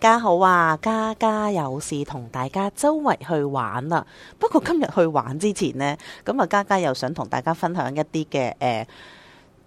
家好啊！嘉嘉有事同大家周圍去玩啊。不過今日去玩之前呢，咁啊嘉嘉又想同大家分享一啲嘅誒。呃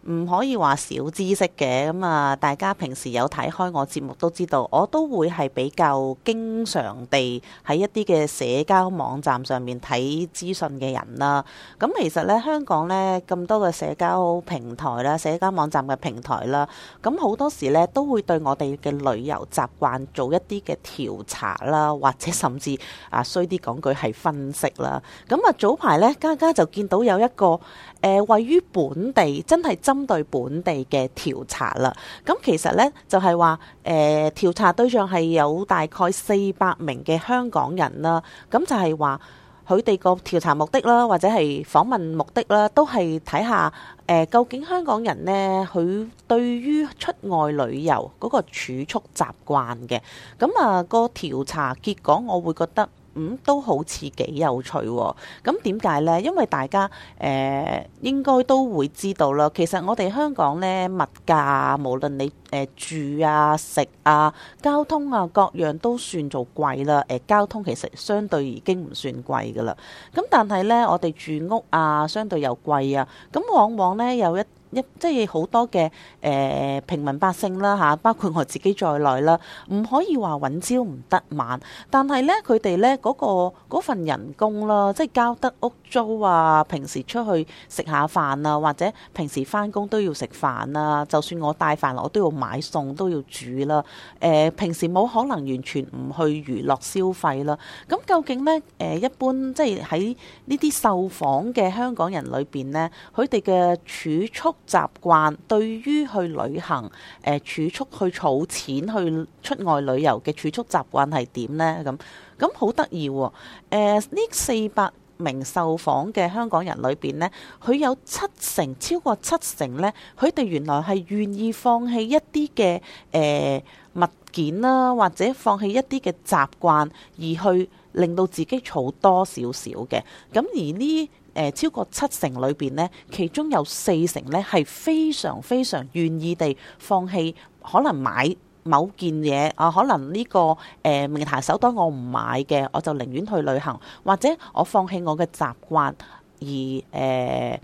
唔可以話少知識嘅咁啊！大家平時有睇開我節目都知道，我都會係比較經常地喺一啲嘅社交網站上面睇資訊嘅人啦。咁、嗯、其實咧，香港咧咁多嘅社交平台啦、社交網站嘅平台啦，咁、嗯、好多時咧都會對我哋嘅旅遊習慣做一啲嘅調查啦，或者甚至啊衰啲講句係分析啦。咁、嗯、啊，早排咧，嘉嘉就見到有一個。誒位於本地，真係針對本地嘅調查啦。咁其實呢，就係話誒調查對象係有大概四百名嘅香港人啦。咁就係話佢哋個調查目的啦，或者係訪問目的啦，都係睇下誒究竟香港人呢，佢對於出外旅遊嗰個儲蓄習慣嘅。咁啊，個調查結果，我會覺得。嗯，都好似幾有趣喎、哦。咁點解呢？因為大家誒、呃、應該都會知道啦。其實我哋香港咧，物價，無論你誒、呃、住啊、食啊、交通啊，各樣都算做貴啦。誒、呃、交通其實相對已經唔算貴噶啦。咁、嗯、但係呢，我哋住屋啊，相對又貴啊。咁、嗯、往往呢，有一一即係好多嘅誒、呃、平民百姓啦嚇，包括我自己在內啦，唔可以話揾朝唔得晚。但係咧，佢哋咧嗰個份人工啦，即係交得屋租啊，平時出去食下飯啊，或者平時返工都要食飯啊。就算我帶飯我都要買餸，都要煮啦。誒、呃，平時冇可能完全唔去娛樂消費啦。咁究竟咧誒、呃，一般即係喺呢啲受訪嘅香港人裏邊咧，佢哋嘅儲蓄習慣對於去旅行、誒、呃、儲蓄、去儲錢、去出外旅遊嘅儲蓄習慣係點呢？咁咁好得意喎！誒呢四百名受訪嘅香港人裏邊呢，佢有七成，超過七成呢，佢哋原來係願意放棄一啲嘅誒物件啦，或者放棄一啲嘅習慣，而去令到自己儲多少少嘅。咁而呢？誒超過七成裏邊呢，其中有四成呢係非常非常願意地放棄，可能買某件嘢啊，可能呢、呢個誒、呃、名牌手袋我唔買嘅，我就寧願去旅行，或者我放棄我嘅習慣而誒、呃，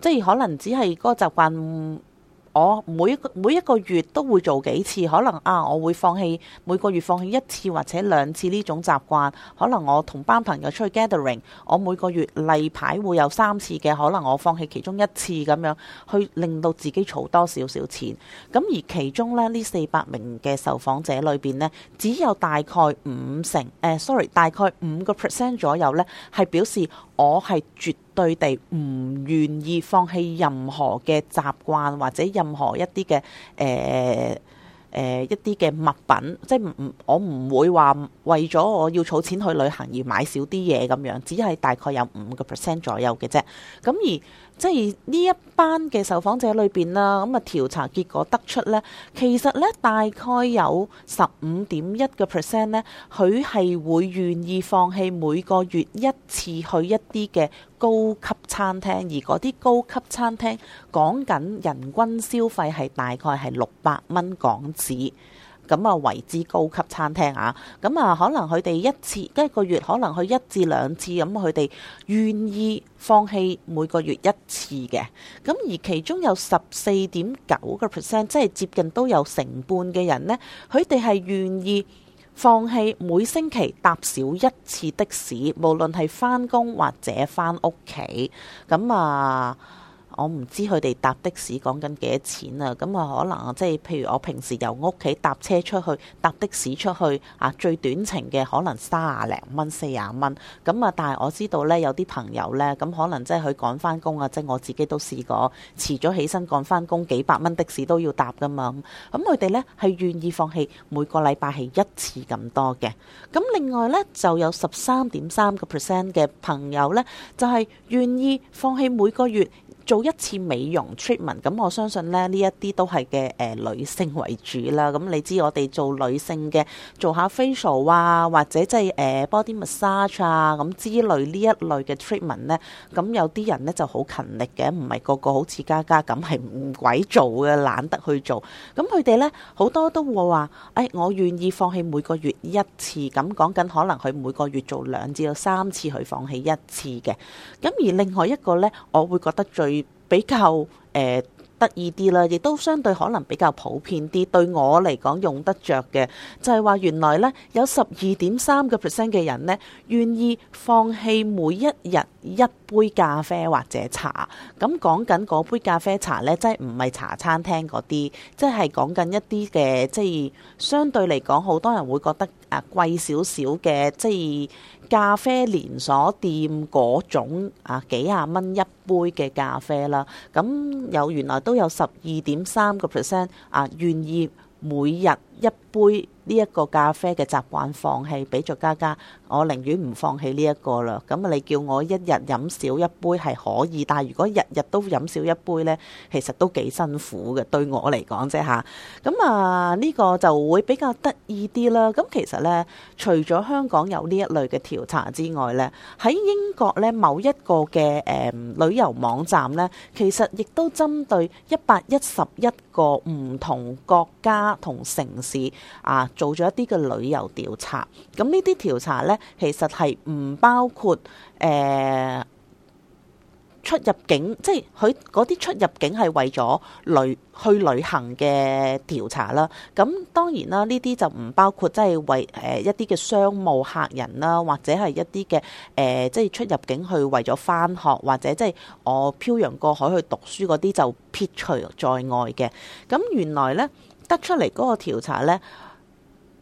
即係可能只係嗰個習慣。我每一個每一個月都會做幾次，可能啊，我會放棄每個月放棄一次或者兩次呢種習慣。可能我同班朋友出去 gathering，我每個月例牌會有三次嘅，可能我放棄其中一次咁樣，去令到自己儲多少少錢。咁而其中呢，呢四百名嘅受訪者裏邊呢，只有大概五成，誒，啊，sorry，大概五個 percent 左右呢，係表示我係絕對地唔願意放棄任何嘅習慣或者任何一啲嘅誒誒一啲嘅物品，即係唔我唔會話為咗我要儲錢去旅行而買少啲嘢咁樣，只係大概有五個 percent 左右嘅啫，咁而。即係呢一班嘅受訪者裏邊啦，咁啊調查結果得出呢，其實呢大概有十五點一個 percent 呢，佢係會願意放棄每個月一次去一啲嘅高級餐廳，而嗰啲高級餐廳講緊人均消費係大概係六百蚊港紙。咁啊，為之高級餐廳啊，咁啊，可能佢哋一次一個月可能去一至兩次，咁佢哋願意放棄每個月一次嘅，咁而其中有十四點九個 percent，即係接近都有成半嘅人呢，佢哋係願意放棄每星期搭少一次的士，無論係翻工或者翻屋企，咁啊。我唔知佢哋搭的士講緊幾多錢啊？咁啊，可能即係譬如我平時由屋企搭車出去，搭的士出去啊，最短程嘅可能三啊零蚊、四啊蚊。咁啊，但係我知道呢，有啲朋友呢，咁可能即係佢趕翻工啊，即係我自己都試過遲咗起身趕翻工，幾百蚊的士都要搭噶嘛。咁佢哋呢係願意放棄每個禮拜係一次咁多嘅。咁另外呢，就有十三點三個 percent 嘅朋友呢，就係願意放棄每個月做一次美容 treatment 咁我相信咧呢一啲都係嘅誒女性為主啦。咁、嗯、你知我哋做女性嘅做下 facial 啊，或者即係誒 body massage 啊咁、嗯、之類呢一類嘅 treatment 咧，咁、嗯、有啲人咧就好勤力嘅，唔係個個好似家家咁係唔鬼做嘅，懶得去做。咁佢哋咧好多都會話誒、哎、我願意放棄每個月一次，咁講緊可能佢每個月做兩至到三次，去放棄一次嘅。咁、嗯、而另外一個咧，我會覺得最比較誒、呃、得意啲啦，亦都相對可能比較普遍啲。對我嚟講用得着嘅，就係、是、話原來呢，有十二點三個 percent 嘅人呢，願意放棄每一日一杯咖啡或者茶。咁講緊嗰杯咖啡茶呢，即係唔係茶餐廳嗰啲，即係講緊一啲嘅，即係相對嚟講，好多人會覺得，啊，貴少少嘅即係咖啡連鎖店嗰種啊，幾廿蚊一杯嘅咖啡啦，咁、啊、有原來都有十二點三個 percent 啊，願意每日一杯呢一個咖啡嘅習慣放棄，俾咗加加。我寧願唔放棄呢一個啦，咁啊，你叫我一日飲少一杯係可以，但係如果日日都飲少一杯咧，其實都幾辛苦嘅，對我嚟講啫吓，咁啊，呢、這個就會比較得意啲啦。咁其實咧，除咗香港有呢一類嘅調查之外咧，喺英國咧，某一個嘅誒、呃、旅遊網站咧，其實亦都針對一百一十一個唔同國家同城市啊，做咗一啲嘅旅遊調查。咁呢啲調查咧～其實係唔包括誒、呃、出入境，即係佢嗰啲出入境係為咗旅去旅行嘅調查啦。咁當然啦，呢啲就唔包括即係為誒、呃、一啲嘅商務客人啦，或者係一啲嘅誒，即係出入境去為咗翻學，或者即係我漂洋過海去讀書嗰啲就撇除在外嘅。咁原來呢得出嚟嗰個調查呢，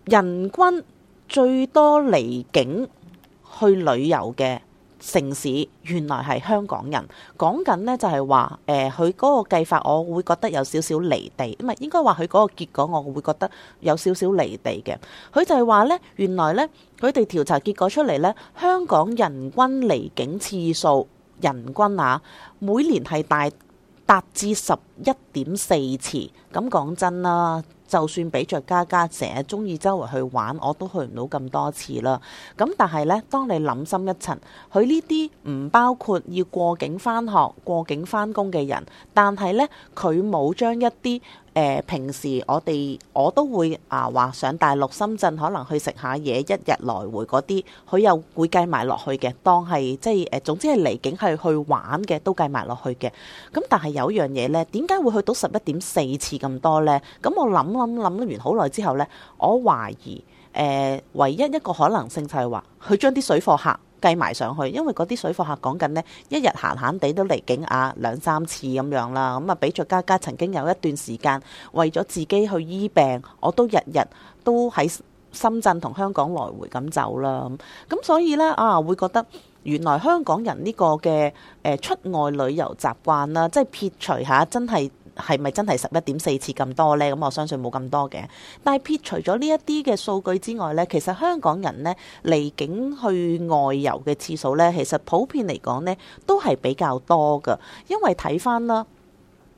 人均。最多離境去旅遊嘅城市，原來係香港人。講緊呢，就係話，誒，佢嗰個計法，我會覺得有少少離地，唔係應該話佢嗰個結果，我會覺得有少少離地嘅。佢就係話呢，原來呢，佢哋調查結果出嚟呢，香港人均離境次數，人均啊，每年係大達至十一點四次。咁講真啦～就算俾着家家姐中意周圍去玩，我都去唔到咁多次啦。咁但係呢，當你諗深一層，佢呢啲唔包括要過境返學、過境返工嘅人。但係呢，佢冇將一啲誒、呃、平時我哋我都會啊話上大陸、深圳可能去食下嘢、一日來回嗰啲，佢又會計埋落去嘅。當係即係誒，總之係離境係去玩嘅都計埋落去嘅。咁但係有一樣嘢呢，點解會去到十一點四次咁多呢？咁我諗。諗諗完好耐之後呢，我懷疑誒、呃，唯一一個可能性就係話，佢將啲水貨客計埋上去，因為嗰啲水貨客講緊呢，一日閒閒地都離境呀兩三次咁樣啦。咁啊，比著家家曾經有一段時間為咗自己去醫病，我都日日都喺深圳同香港來回咁走啦。咁，所以呢，啊，會覺得原來香港人呢個嘅誒出外旅遊習慣啦，即係撇除下真係。係咪真係十一點四次咁多呢？咁我相信冇咁多嘅。但係撇除咗呢一啲嘅數據之外呢，其實香港人呢離境去外遊嘅次數呢，其實普遍嚟講呢都係比較多㗎。因為睇翻啦，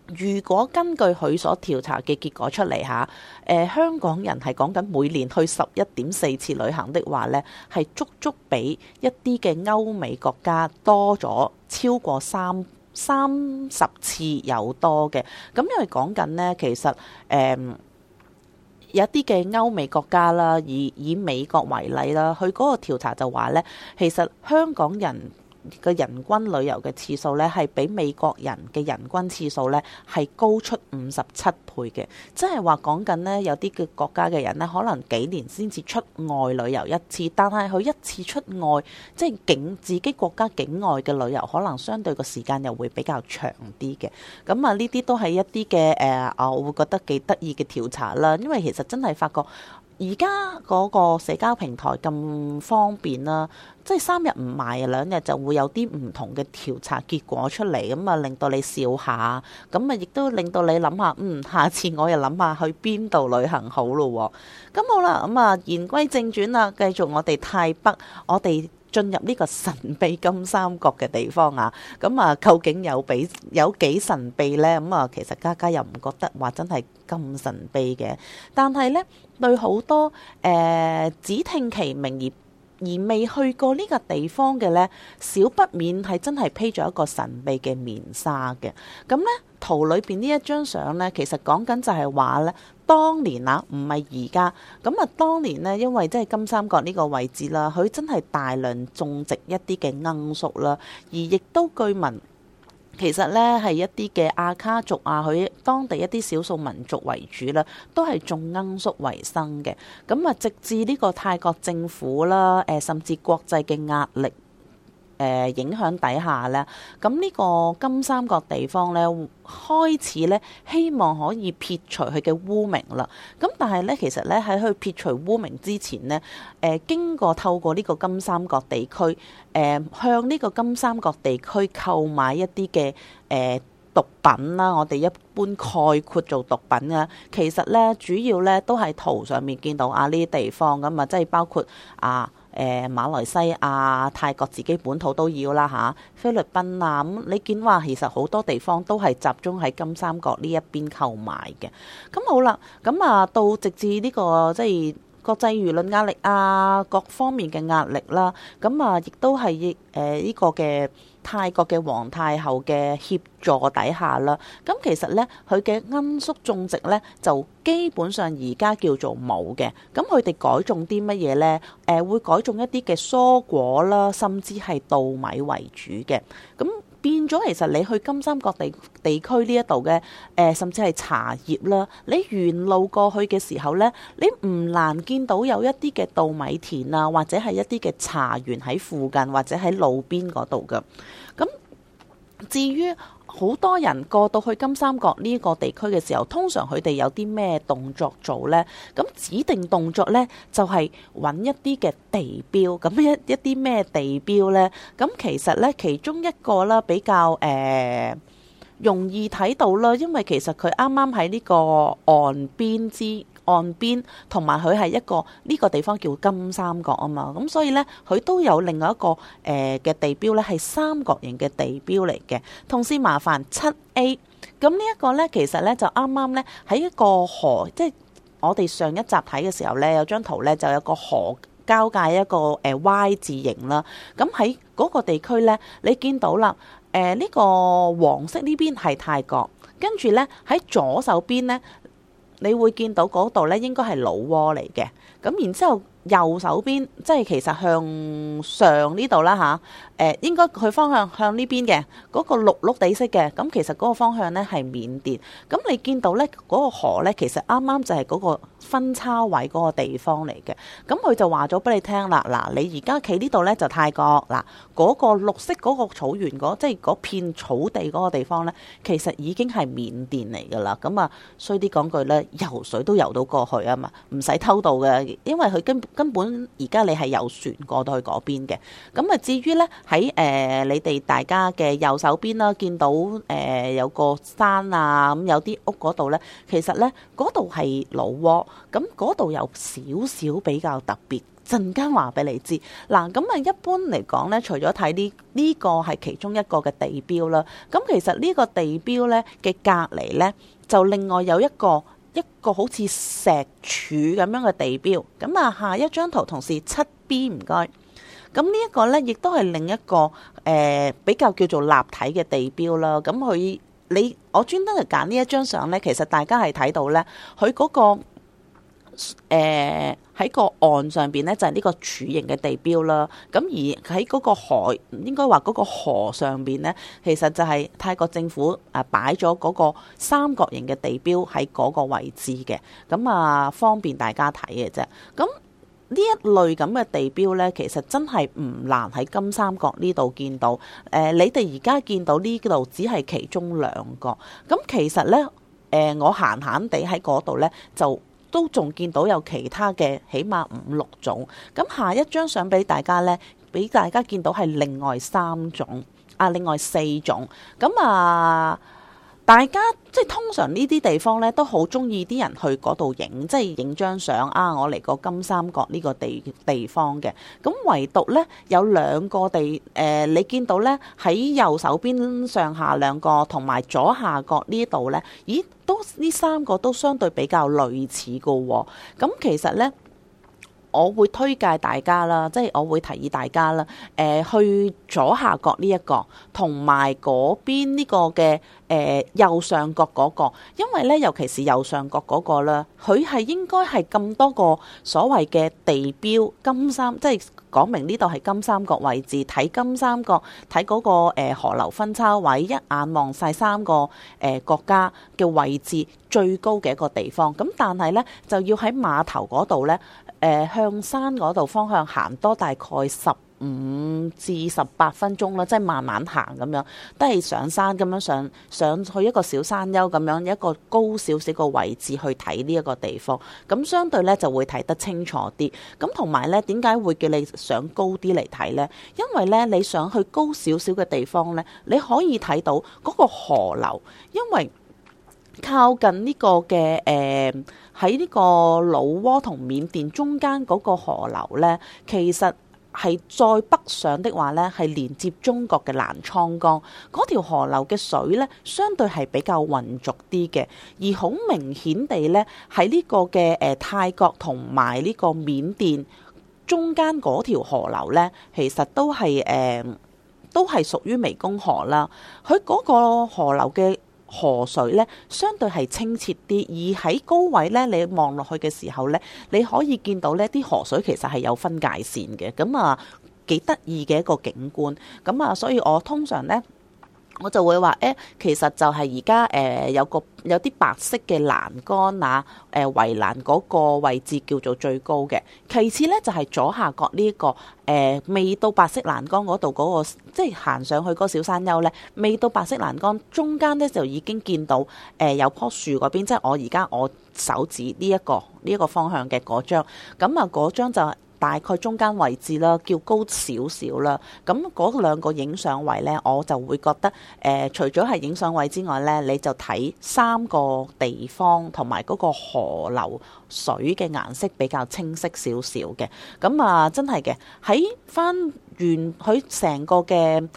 如果根據佢所調查嘅結果出嚟嚇，誒、呃、香港人係講緊每年去十一點四次旅行的話呢，係足足比一啲嘅歐美國家多咗超過三。三十次有多嘅，咁因為講緊呢，其實誒、嗯、有一啲嘅歐美國家啦，以以美國為例啦，佢嗰個調查就話咧，其實香港人，嘅人均旅遊嘅次數呢，係比美國人嘅人均次數呢，係高出五十七倍嘅。即係話講緊呢，有啲嘅國家嘅人呢，可能幾年先至出外旅遊一次，但係佢一次出外即係境自己國家境外嘅旅遊，可能相對個時間又會比較長啲嘅。咁、嗯、啊，呢啲都係一啲嘅誒啊，我會覺得幾得意嘅調查啦。因為其實真係發覺。而家嗰個社交平台咁方便啦，即係三日唔埋兩日就會有啲唔同嘅調查結果出嚟，咁啊令到你笑下，咁啊亦都令到你諗下，嗯，下次我又諗下去邊度旅行好咯喎。咁好啦，咁啊言歸正傳啦，繼續我哋泰北，我哋進入呢個神秘金三角嘅地方啊，咁、嗯、啊，究竟有比有幾神秘呢？咁、嗯、啊，其實家家又唔覺得話真係咁神秘嘅，但係呢，對好多誒、呃、只聽其名而而未去過呢個地方嘅呢，少不免係真係披咗一個神秘嘅面紗嘅。咁、嗯、呢，圖裏邊呢一張相呢，其實講緊就係話呢。當年啊，唔係而家。咁啊，當年呢，因為即係金三角呢個位置啦，佢真係大量種植一啲嘅罌粟啦。而亦都據聞，其實呢係一啲嘅阿卡族啊，佢當地一啲少數民族為主啦，都係種罌粟為生嘅。咁啊，直至呢個泰國政府啦，誒，甚至國際嘅壓力。誒影響底下咧，咁呢個金三角地方咧，開始咧希望可以撇除佢嘅污名啦。咁但係咧，其實咧喺佢撇除污名之前咧，誒經過透過呢個金三角地區，誒向呢個金三角地區購買一啲嘅誒毒品啦，我哋一般概括做毒品啊。其實咧，主要咧都係圖上面見到啊呢啲地方咁啊，即係包括啊。誒馬來西亞、泰國自己本土都要啦嚇、啊，菲律賓啊咁，你見話其實好多地方都係集中喺金三角呢一邊購買嘅，咁、啊、好啦，咁啊到直至呢、呢個即係。國際輿論壓力啊，各方面嘅壓力啦，咁啊，亦、啊、都係亦呢個嘅泰國嘅皇太后嘅協助底下啦、啊。咁其實咧，佢嘅罌粟種植咧，就基本上而家叫做冇嘅。咁佢哋改種啲乜嘢咧？誒、啊，會改種一啲嘅蔬果啦，甚至係稻米為主嘅。咁變咗，其實你去金三角地地區呢一度嘅，誒、呃，甚至係茶葉啦，你沿路過去嘅時候呢，你唔難見到有一啲嘅稻米田啊，或者係一啲嘅茶園喺附近或者喺路邊嗰度㗎。咁至於。好多人過到去金三角呢個地區嘅時候，通常佢哋有啲咩動作做呢？咁指定動作呢，就係、是、揾一啲嘅地標。咁一一啲咩地標呢？咁其實呢，其中一個啦，比較誒、呃、容易睇到啦，因為其實佢啱啱喺呢個岸邊之。岸邊同埋佢係一個呢、呢個地方叫金三角啊嘛，咁所以呢，佢都有另外一個誒嘅、呃、地標呢係三角形嘅地標嚟嘅。同時麻煩七 A，咁呢一個呢，其實呢就啱啱呢喺一個河，即、就、係、是、我哋上一集睇嘅時候呢，有張圖呢就有個河交界一個誒 Y 字形啦。咁喺嗰個地區呢，你見到啦誒呢個黃色呢邊係泰國，跟住呢喺左手邊呢。你會見到嗰度咧，應該，係老撾嚟嘅，咁然之後。右手邊即係其實向上呢度啦嚇，誒、啊、應該佢方向向呢邊嘅，嗰、嗰個綠綠地色嘅，咁其實嗰個方向呢係緬甸。咁你見到呢嗰、嗰個河呢，其實啱啱就係嗰個分叉位嗰個地方嚟嘅。咁佢就話咗俾你聽啦，嗱，你而家企呢度呢，就泰國，嗱嗰、嗰個綠色嗰個草原嗰即係嗰片草地嗰個地方呢，其實已經係緬甸嚟㗎啦。咁啊，衰啲講句呢，游水都游到過去啊嘛，唔使偷渡嘅，因為佢根本。根本而家你係有船過到去嗰邊嘅，咁啊至於呢，喺誒、呃、你哋大家嘅右手邊啦，見到誒、呃、有個山啊，咁有啲屋嗰度呢，其實呢，嗰度係老撾，咁嗰度有少少比較特別，陣間話俾你知。嗱，咁啊一般嚟講呢，除咗睇呢呢個係其中一個嘅地標啦，咁其實呢個地標呢嘅隔離呢，就另外有一個。一個好似石柱咁樣嘅地標，咁啊下一張圖同事七 B 唔該。咁呢一個呢，亦都係另一個誒、呃、比較叫做立體嘅地標啦。咁佢你我專登嚟揀呢一張相呢，其實大家係睇到呢，佢嗰、嗰個誒、呃喺個岸上邊咧，就係、是、呢個柱形嘅地標啦。咁而喺嗰個河，應該話嗰個河上邊咧，其實就係泰國政府啊擺咗嗰個三角形嘅地標喺嗰個位置嘅。咁啊，方便大家睇嘅啫。咁呢一類咁嘅地標咧，其實真係唔難喺金三角呢度見到。誒、呃，你哋而家見到呢度只係其中兩個。咁其實咧，誒、呃，我閒閒地喺嗰度咧就，都仲見到有其他嘅，起碼五六種。咁下一張相俾大家呢，俾大家見到係另外三種啊，另外四種。咁啊。大家即係通常呢啲地方咧，都好中意啲人去嗰度影，即係影張相。啊，我嚟過金三角呢個地地方嘅。咁唯獨咧有兩個地，誒、呃，你見到咧，喺右手邊上下兩個同埋左下角呢度咧，咦，都呢三個都相對比較類似噶喎、哦。咁其實咧。我會推介大家啦，即係我會提議大家啦，誒、呃、去左下角呢、這、一個，同埋嗰邊呢個嘅誒、呃、右上角嗰、那個，因為咧，尤其是右上角嗰、那個啦，佢係應該係咁多個所謂嘅地標金三，即係。講明呢度係金三角位置，睇金三角，睇嗰個河流分叉位，一眼望晒三個誒國家嘅位置最高嘅一個地方。咁但係呢，就要喺碼頭嗰度呢，誒向山嗰度方向行多大概十五至十八分鐘啦，即係慢慢行咁樣，都係上山咁樣上上去一個小山丘咁樣，一個高少少嘅位置去睇呢一個地方，咁相對呢就會睇得清楚啲。咁同埋呢點解會叫你上高啲嚟睇呢？因為呢，你想去高少少嘅地方呢，你可以睇到嗰個河流，因為靠近呢個嘅誒喺呢個老撾同緬甸中間嗰個河流呢，其實。係再北上的話呢，係連接中國嘅南滄江瀾滄江嗰條河流嘅水呢，相對係比較渾濁啲嘅，而好明顯地呢，喺呢個嘅誒、呃、泰國同埋呢個緬甸中間嗰條河流呢，其實都係誒、呃、都係屬於湄公河啦。佢嗰個河流嘅。河水咧相對係清澈啲，而喺高位咧，你望落去嘅時候咧，你可以見到咧啲河水其實係有分界線嘅，咁啊幾得意嘅一個景觀，咁、嗯、啊所以我通常咧。我就會話，誒、欸，其實就係而家誒有個有啲白色嘅欄杆，那、呃、誒圍欄嗰個位置叫做最高嘅。其次呢，就係、是、左下角呢、這、一個誒、呃、未到白色欄杆嗰度嗰個，即係行上去嗰個小山丘呢，未到白色欄杆中間呢就已經見到誒、呃、有棵樹嗰邊，即、就、係、是、我而家我手指呢、這、一個呢一、這個方向嘅嗰張，咁啊嗰張就。大概中間位置啦，叫高少少啦。咁嗰兩個影相位呢，我就會覺得誒、呃，除咗係影相位之外呢，你就睇三個地方同埋嗰個河流水嘅顏色比較清晰少少嘅。咁啊，真係嘅，喺翻完佢成個嘅。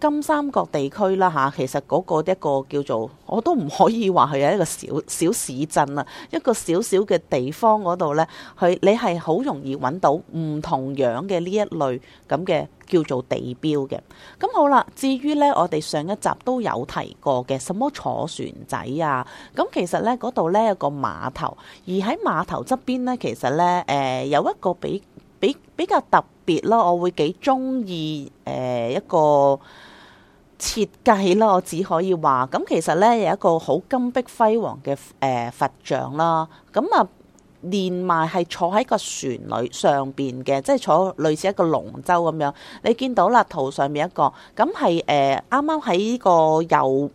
金三角地區啦嚇，其實嗰個一個叫做，我都唔可以話佢有一個小小市鎮啊，一個小小嘅地方嗰度呢。佢你係好容易揾到唔同樣嘅呢一類咁嘅叫做地標嘅。咁好啦，至於呢，我哋上一集都有提過嘅，什麼坐船仔啊？咁其實呢嗰度呢有一個碼頭，而喺碼頭側邊呢，其實呢誒、呃、有一個比比比較特別咯，我會幾中意誒一個。設計啦，我只可以話，咁其實呢，有一個好金碧輝煌嘅誒、呃、佛像啦，咁啊連埋係坐喺個船裏上邊嘅，即係坐類似一個龍舟咁樣。你見到啦，圖上面一個，咁係誒啱啱喺呢個右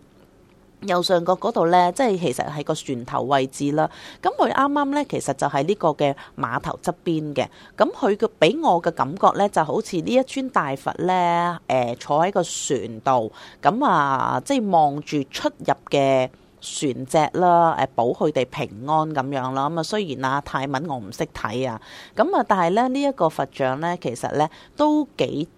右上角嗰度呢，即係其實係個船頭位置啦。咁佢啱啱呢，其實就係呢個嘅碼頭側邊嘅。咁佢嘅俾我嘅感覺呢，就好似呢一尊大佛呢，誒坐喺個船度，咁啊，即係望住出入嘅船隻啦，誒保佢哋平安咁樣啦。咁啊，雖然啊泰文我唔識睇啊，咁啊，但係呢呢一個佛像呢，其實呢都幾～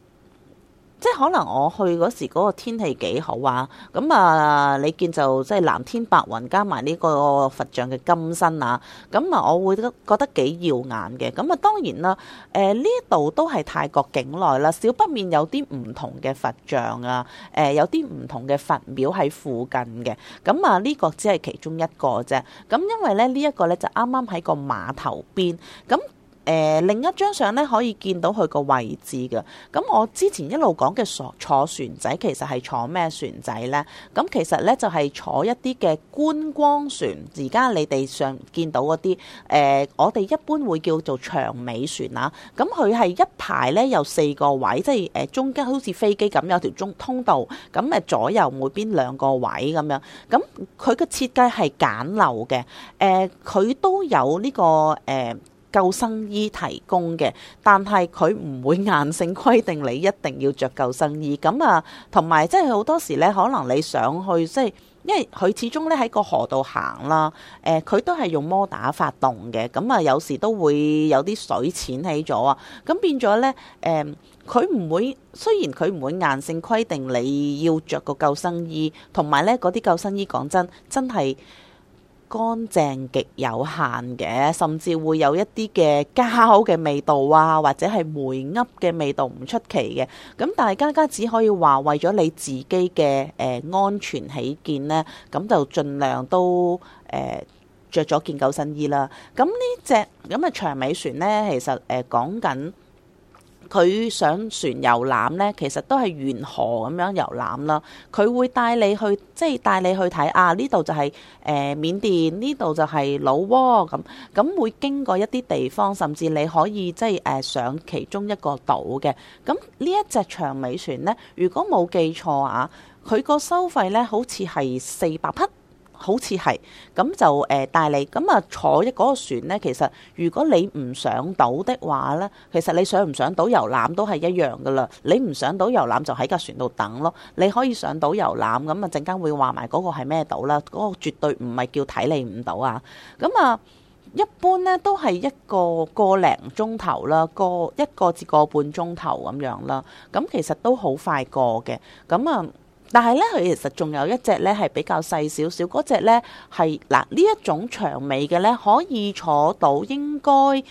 即係可能我去嗰時嗰個天氣幾好啊，咁啊你見就即係藍天白雲加埋呢個佛像嘅金身啊，咁啊我會覺得幾耀眼嘅。咁啊當然啦，誒呢度都係泰國境內啦，少不免有啲唔同嘅佛像啊，誒、呃、有啲唔同嘅佛廟喺附近嘅。咁啊呢、呢個只係其中一個啫。咁因為咧呢、呢個、呢啱啱一個咧就啱啱喺個碼頭邊，咁。誒、呃、另一張相咧，可以見到佢個位置嘅。咁、嗯、我之前一路講嘅坐船仔，其實係坐咩船仔呢？咁、嗯、其實呢，就係、是、坐一啲嘅觀光船。而家你哋上見到嗰啲誒，我哋一般會叫做長尾船啊。咁佢係一排呢，有四個位，即係誒、呃、中間好似飛機咁有條中通道，咁、嗯、誒，左右每邊兩個位咁樣。咁佢嘅設計係簡陋嘅。誒、呃，佢都有呢、這個誒。呃救生衣提供嘅，但係佢唔會硬性規定你一定要着救生衣。咁啊，同埋即係好多時咧，可能你上去即係，因為佢始終咧喺個河度行啦。誒、呃，佢都係用摩打發動嘅，咁啊，有時都會有啲水濺起咗啊。咁變咗咧，誒、呃，佢唔會，雖然佢唔會硬性規定你要着個救生衣，同埋咧嗰啲救生衣，講真，真係。乾淨極有限嘅，甚至會有一啲嘅膠嘅味道啊，或者係霉噏嘅味道唔出奇嘅。咁但係大家只可以話，為咗你自己嘅誒、呃、安全起見呢，咁就盡量都誒著咗件救生衣啦。咁呢隻咁嘅長尾船呢，其實誒、呃、講緊。佢上船遊覽咧，其實都係沿河咁樣遊覽啦。佢會帶你去，即係帶你去睇啊！呢度就係誒緬甸，呢度就係老撾咁。咁會經過一啲地方，甚至你可以即係誒、呃、上其中一個島嘅。咁呢一隻長尾船咧，如果冇記錯啊，佢個收費咧，好似係四百匹。好似係咁就誒帶你咁啊坐一個船呢。其實如果你唔上島的話呢，其實你上唔上島遊覽都係一樣噶啦。你唔上島遊覽就喺架船度等咯。你可以上島遊覽，咁啊陣間會話埋嗰個係咩島啦。嗰個絕對唔係叫睇你唔到啊。咁啊，一般呢都係一個個零鐘頭啦，個一個至個半鐘頭咁樣啦。咁其實都好快過嘅。咁啊～但係咧，佢其實仲有一隻咧，係比較細少少。嗰隻咧係嗱，呢一種長尾嘅咧，可以坐到應該誒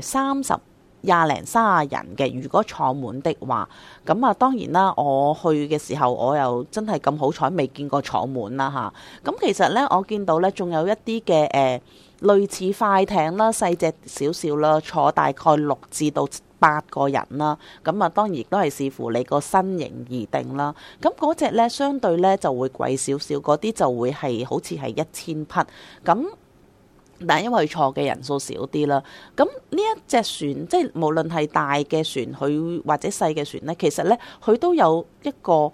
三十廿零三十人嘅。如果坐滿的話，咁、嗯、啊當然啦，我去嘅時候，我又真係咁好彩，未見過坐滿啦吓，咁、嗯、其實咧，我見到咧，仲有一啲嘅誒，類似快艇啦，細隻少少啦，坐大概六至到八個人啦，咁啊當然亦都係視乎你個身形而定啦。咁嗰隻呢，相對呢，就會貴少少，嗰啲就會係好似係一千匹。咁但係因為坐嘅人數少啲啦。咁呢一隻船，即係無論係大嘅船，佢或者細嘅船呢，其實呢，佢都有一個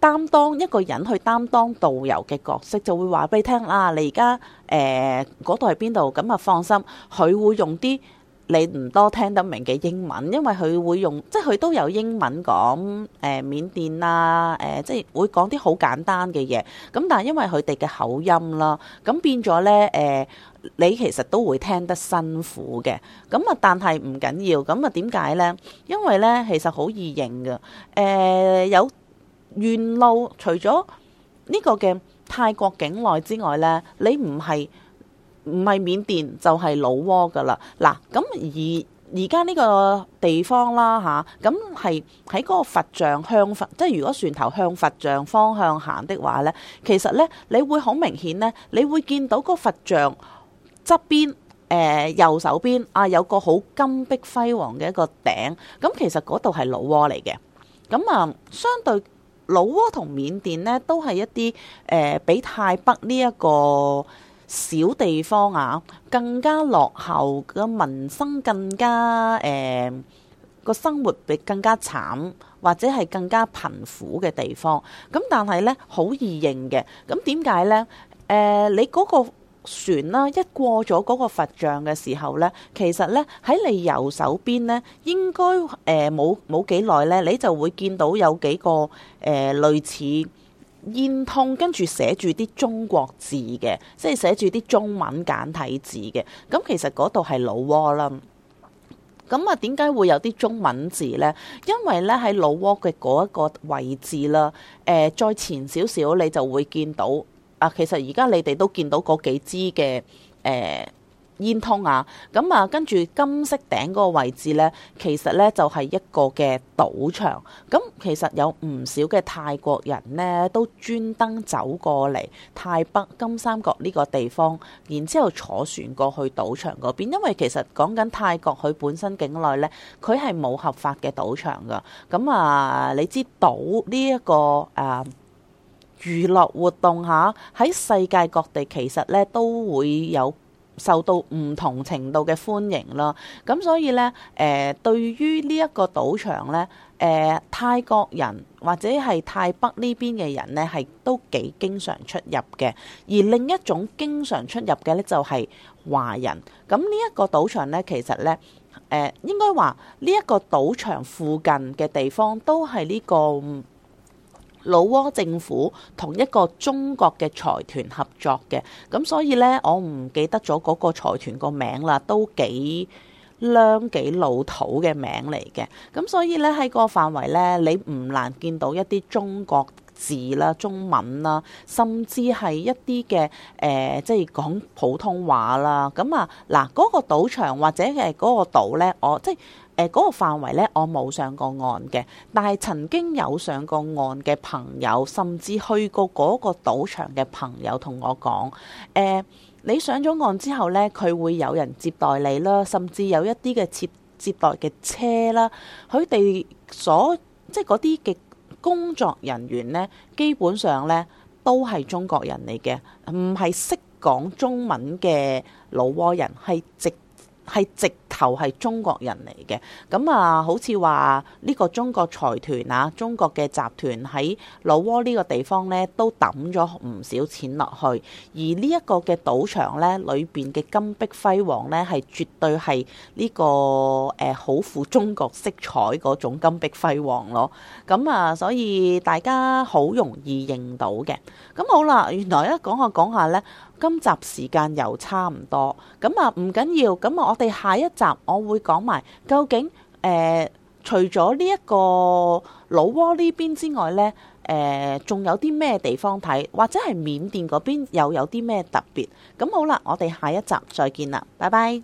擔當一個人去擔當導遊嘅角色，就會話俾你聽啊。你而家誒嗰度係邊度？咁、呃、啊放心，佢會用啲。你唔多聽得明嘅英文，因為佢會用，即係佢都有英文講，誒、呃，緬甸啦、啊，誒、呃，即係會講啲好簡單嘅嘢，咁但係因為佢哋嘅口音啦，咁變咗咧，誒、呃，你其實都會聽得辛苦嘅，咁啊，但係唔緊要，咁啊，點解咧？因為咧，其實好易認嘅，誒、呃，有沿路除咗呢個嘅泰國境內之外咧，你唔係。唔係緬甸就係老窩噶啦，嗱咁而而家呢個地方啦吓，咁係喺嗰個佛像向佛，即係如果船頭向佛像方向行的話呢，其實呢，你會好明顯呢，你會見到嗰個佛像側邊誒右手邊啊有個好金碧輝煌嘅一個頂，咁其實嗰度係老窩嚟嘅，咁啊相對老窩同緬甸呢，都係一啲誒比泰北呢一個。小地方啊，更加落後嘅民生更加誒個、呃、生活比更加慘，或者係更加貧苦嘅地方。咁但係呢，好易認嘅。咁點解呢？誒、呃，你嗰個船啦，一過咗嗰個佛像嘅時候呢，其實呢，喺你右手邊呢，應該誒冇冇幾耐呢，你就會見到有幾個誒、呃、類似。煙通跟住寫住啲中國字嘅，即係寫住啲中文簡體字嘅。咁其實嗰度係老撾啦。咁啊，點解會有啲中文字呢？因為咧喺老撾嘅嗰一個位置啦。誒，再前少少你就會見到啊。其實而家你哋都見到嗰幾支嘅誒。呃煙通啊！咁啊，跟住金色頂嗰個位置呢，其實呢就係一個嘅賭場。咁其實有唔少嘅泰國人呢，都專登走過嚟泰北金三角呢個地方，然之後坐船過去賭場嗰邊。因為其實講緊泰國佢本身境內呢，佢係冇合法嘅賭場㗎。咁啊，你知賭呢一個誒娛樂活動嚇、啊、喺世界各地其實呢都會有。受到唔同程度嘅歡迎啦，咁所以呢，誒、呃、對於呢一個賭場呢，誒、呃、泰國人或者係泰北呢邊嘅人呢，係都幾經常出入嘅。而另一種經常出入嘅呢，就係、是、華人。咁呢一個賭場呢，其實呢，誒、呃、應該話呢一個賭場附近嘅地方都係呢、這個。老撾政府同一個中國嘅財團合作嘅，咁所以呢，我唔記得咗嗰個財團個名啦，都幾僆幾老土嘅名嚟嘅。咁所以呢，喺個範圍呢，你唔難見到一啲中國字啦、中文啦，甚至係一啲嘅、誒，即係講普通話啦。咁啊，嗱、那、嗰個賭場或者係嗰個賭呢，我即係。誒嗰、呃那個範圍咧，我冇上過岸嘅，但係曾經有上過岸嘅朋友，甚至去過嗰個賭場嘅朋友同我講，誒、呃、你上咗岸之後咧，佢會有人接待你啦，甚至有一啲嘅接接待嘅車啦，佢哋所即係嗰啲嘅工作人員咧，基本上咧都係中國人嚟嘅，唔係識講中文嘅老撾人，係直。係直頭係中國人嚟嘅，咁啊，好似話呢個中國財團啊，中國嘅集團喺老撾呢個地方呢都抌咗唔少錢落去，而呢一個嘅賭場呢，裏邊嘅金碧輝煌呢，係絕對係呢個誒好富中國色彩嗰種金碧輝煌咯，咁啊，所以大家好容易認到嘅。咁好啦，原來講一講下講下呢。今集時間又差唔多，咁啊唔緊要，咁啊我哋下一集我會講埋究竟誒、呃，除咗呢一個老撾呢邊之外呢，誒、呃、仲有啲咩地方睇，或者係緬甸嗰邊又有啲咩特別？咁好啦，我哋下一集再見啦，拜拜。